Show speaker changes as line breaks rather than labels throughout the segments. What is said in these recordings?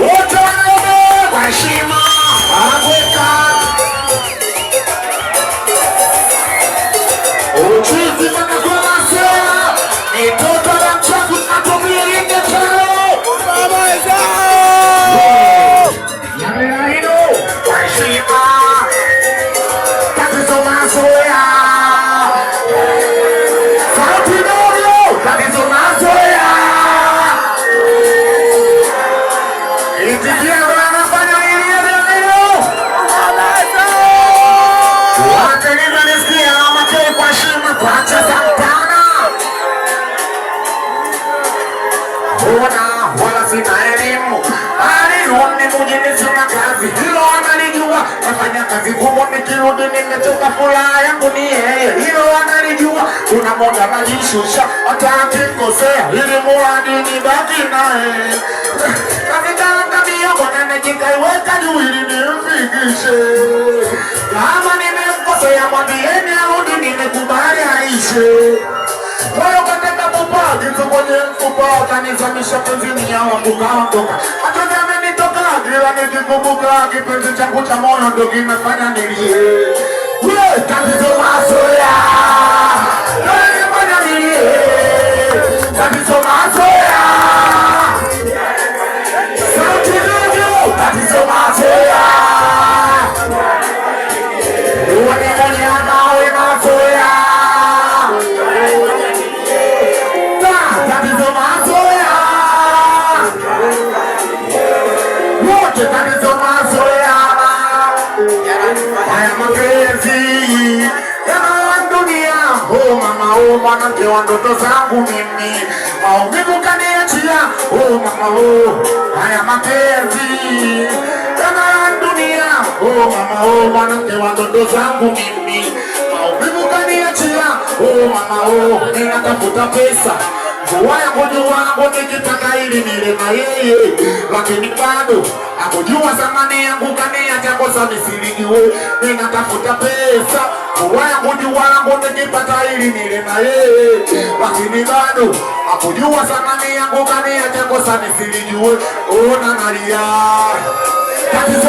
Wote wanaomba kwa heshima kazi ngumu, nikirudi nimetoka furaha yangu ni yeye, hilo analijua. Kuna moja najishusha hata akikosea, ili muradi nibaki naye kavitangamia Bwana najikaiweka juu ili nimfikishe. Kama nimemkosea mwambieni arudi, nimekubali aishe moyo kateka pupa kitu kwenye mfupa, utanizamisha penzini ya wangu kaondoka kila nikikumbuka kipenzi changu cha moyo ndo kimefanya nilie. Tatizo mazoea ndo kimefanya nilie. Tatizo mazoea upande ndoto zangu mimi, maumivu kaniachia. Oh mama oh, haya mapenzi kama ya dunia. Oh mama oh, mwanamke wa ndoto zangu mimi, maumivu kaniachia. Oh mama oh, ninatafuta pesa Wayagoni wangu nikitaka ili milima yeye, lakini bado akujua zamani yangu kaniacha kosa nisiligiwe, ninatafuta pesa. Wayagoni wangu nikipata ili milima yeye, lakini bado akujua zamani yangu kaniacha kosa nisiligiwe, ona nalia tatizo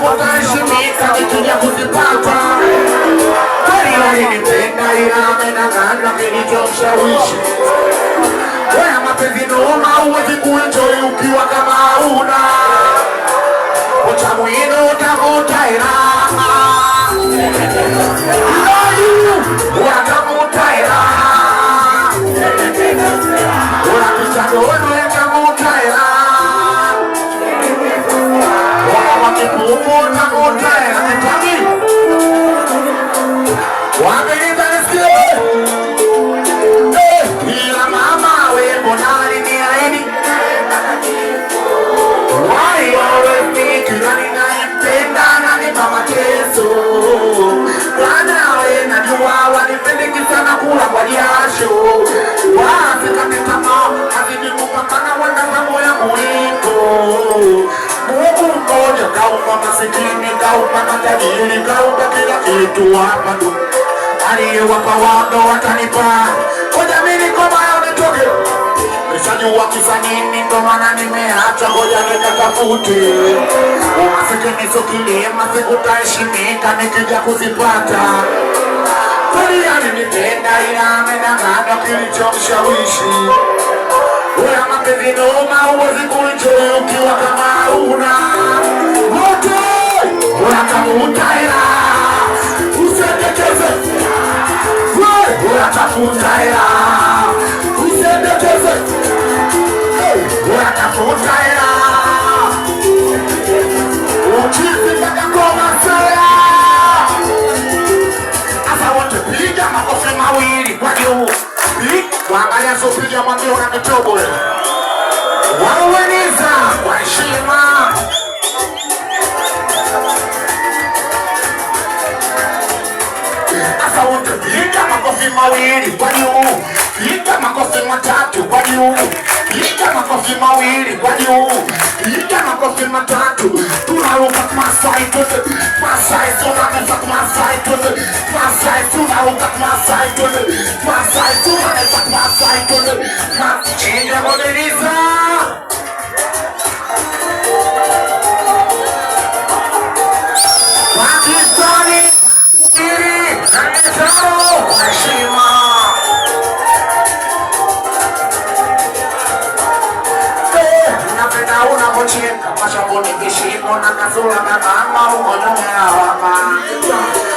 Ninapoheshimika nikija kuzipata kweli, walinipenda ila amenang'ana kilichomshawishi. Haya mapenzi noma, huwezi kuenjoy ukiwa kama hauna utamwino utamoto watu waabudu, aliyewapa wanga watanipa. Ngoja mimi ngoma yao nitoke, nishajua kisa nini, ndo maana nimeacha. Ngoja nikatafute umasikinizo kilima, sikutaheshimika nikija kuzipata kweli. Alinipenda ila amenang'ana, kilichomshawishi wewe mapenzi noma, huwezi kuichoi ukiwa kama una moto, unakamutahela 他不在了。you cannot my Jana kofi matatu my Masai tuzi Masai tunaweza Masai tuzi Masai tunaruka Masai tuzi Masai tunaweza Masai my Masai tunaweza Masai tuzi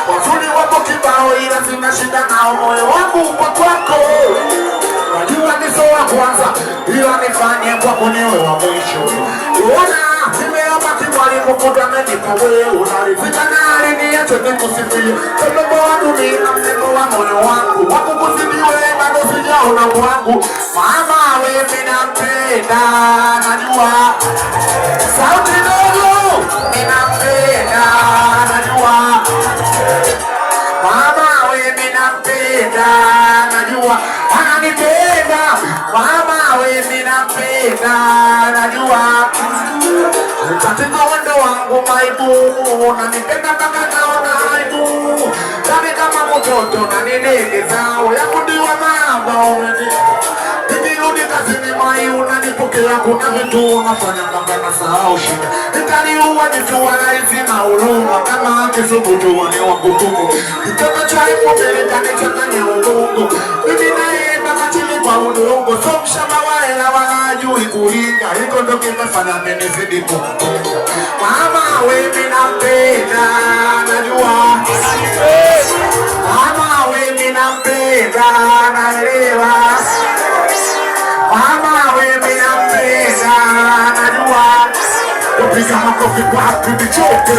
wazuri wapo kibao, ila sina shida nao, moyo wangu uko kwako. Najua ni sio wa kwanza, ila nifanye kwako niwe wa mwisho. Ona nimeomba kibali, Mungu amenipa wewe, unaridhika na aliniacha nikusifie. Mdomo wangu ni mneno wa moyo wangu, wakukusifiwe bado sijaona wangu mama wewe ninampenda, najua sauti ndogo, ninampenda, najua mama we, ninampenda, najua ananipenda mama we, ninampenda, najua katika wendo wangu maibu, unanipenda mpaka naona aibu, kama mtoto unaninegeza, uyakudiwa mambo Nimerudi kazini mai unanipokea, kuna vitu unafanya mpaka nasahau shida. Nitaniua nikiwa raizi na huruma, kama akisubutu ni wakutuku itakachoipobelitanichanganya udongo mimi naenda kachini kwa udongo, so mshamba waela wanajui kuinga, hiko ndo kimefanya menizidi kukutenga mama wewe makofi kwa Happy Jope,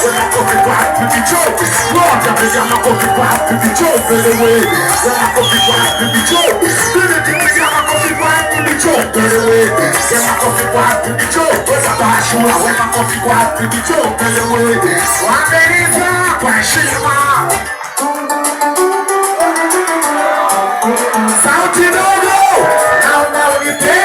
sema kofi kwa Happy Jope, Lord amepiga makofi kwa Happy Jope, wewe sema kofi kwa Happy Jope, wewe amepiga makofi kwa Happy Jope, wewe sema kofi kwa Happy Jope, sababu wewe makofi kwa Happy Jope, wewe wameliza kwa heshima sauti dogo na unaonipenda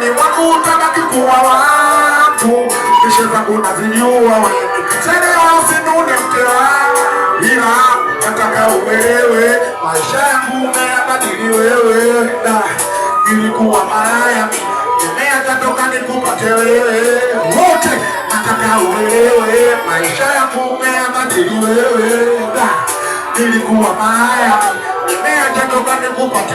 ni mwangu utabaki kuwa watu, kisha zangu nazijua wewe. Chelewa usinune mke wangu, ila nataka uelewe maisha yangu umeyabadili wewe. Nilikuwa malaya nimeyatatoka nikupate wewe, wote nataka uelewe maisha yangu umeyabadili wewe. Nilikuwa malaya nimeyatatoka nikupate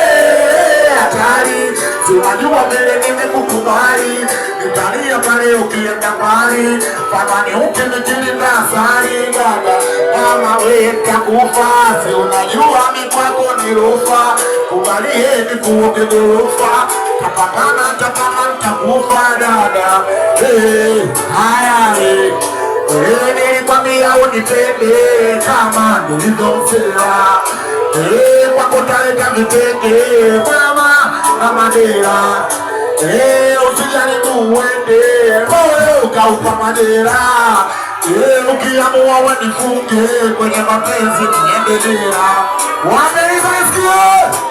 si unajua vile nimekukubali, nitalia pale ukienda mbali, kama ni uke mjini na asali baba mama weka kufa, si unajua mikwako ni rufa, kubalie nikuoge gorofa tapatana tapana nitakufa dada, haya hey, Eh, nilikwambia unipende kama nilivyosema. Eh, kwa kutaleta vitenge mama na madera. Eh, usijali uende moyo ukaupa madera. Eh, ukiamua wanifunge kwenye mapenzi niende dera. sikio.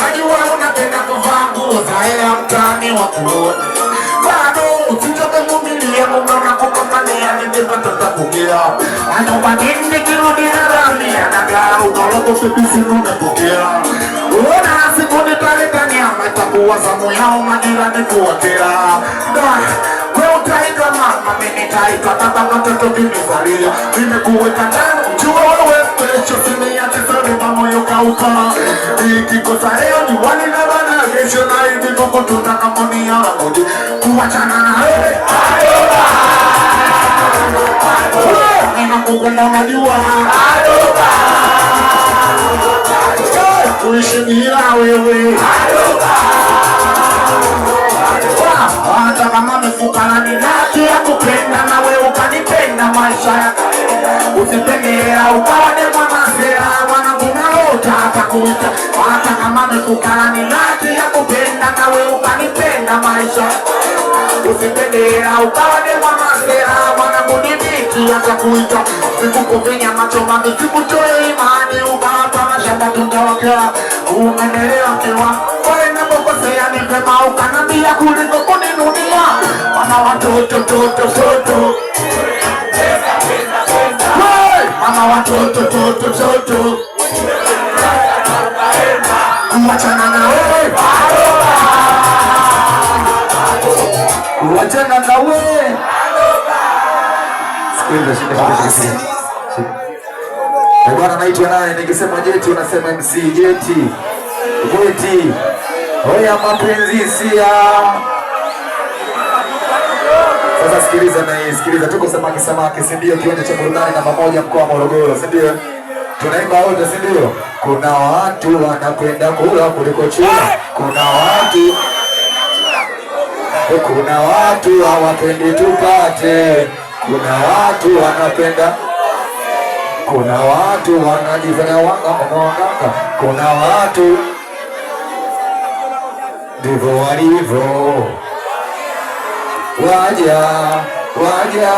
Najua unapenda kuvaa nguo za hela mtaani wa kuona. Bado usitoke vumilia kumwona kukopania ningepata tapokea. Anomanini nikirudi harami anagaa ukalogo pepisi nunapokea. Uona siku nitaleta nyama zamu yao majirani kuwatea. utaitwa mama, mimi nitaitwa baba, watoto nimezalia. Nimekuweka ndani, jua wewe kesho siniache sema moyo kauka. yako tunakamonia wamoja kuwachana na wewe na hata kama nifuka na ninati ya ya kupenda ukanipenda nawe ukanipenda maisha, usipendea ukaone mwanasera mwanangu nimiti atakuita sikukuvinya macho mangi sikutoe imani ukawapa mashamba tutawakea umenelewa kewa pale napokosea ni vema ukanambia kuliko kuninunia wana watoto toto soto mama watoto toto toto kuwachana na wewe bado Wachana na wewe. Bwana naitwa naye nikisema Jeti unasema MC Jeti. Jeti. Oya mapenzi sia. Sasa sikiliza na hii, sikiliza tuko samaki samaki, si ndio? Kiwanja cha burudani namba moja mkoa wa Morogoro, si ndio? Tunaimba wote, si ndio? Kuna watu wanapenda kula kuliko chura. Kuna watu kuna watu hawapendi tupate, kuna watu wanapenda, kuna watu wanajifanya wanga waganga, kuna watu ndivyo walivyo. Waja waja,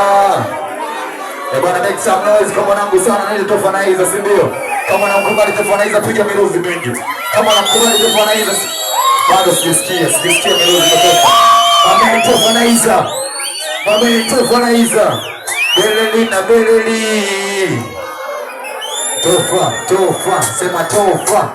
e bwana, make some noise kwa mwanangu sana, nili Tofanaiza, si ndio? Kama namkubali Tofanaiza, piga miruzi mingi. Kama namkubali Tofanaiza, bado sijisikia sijisikia miruzi kutoka wametofanaiza wametofanaiza beleli na beleli tofa tofa sema tofa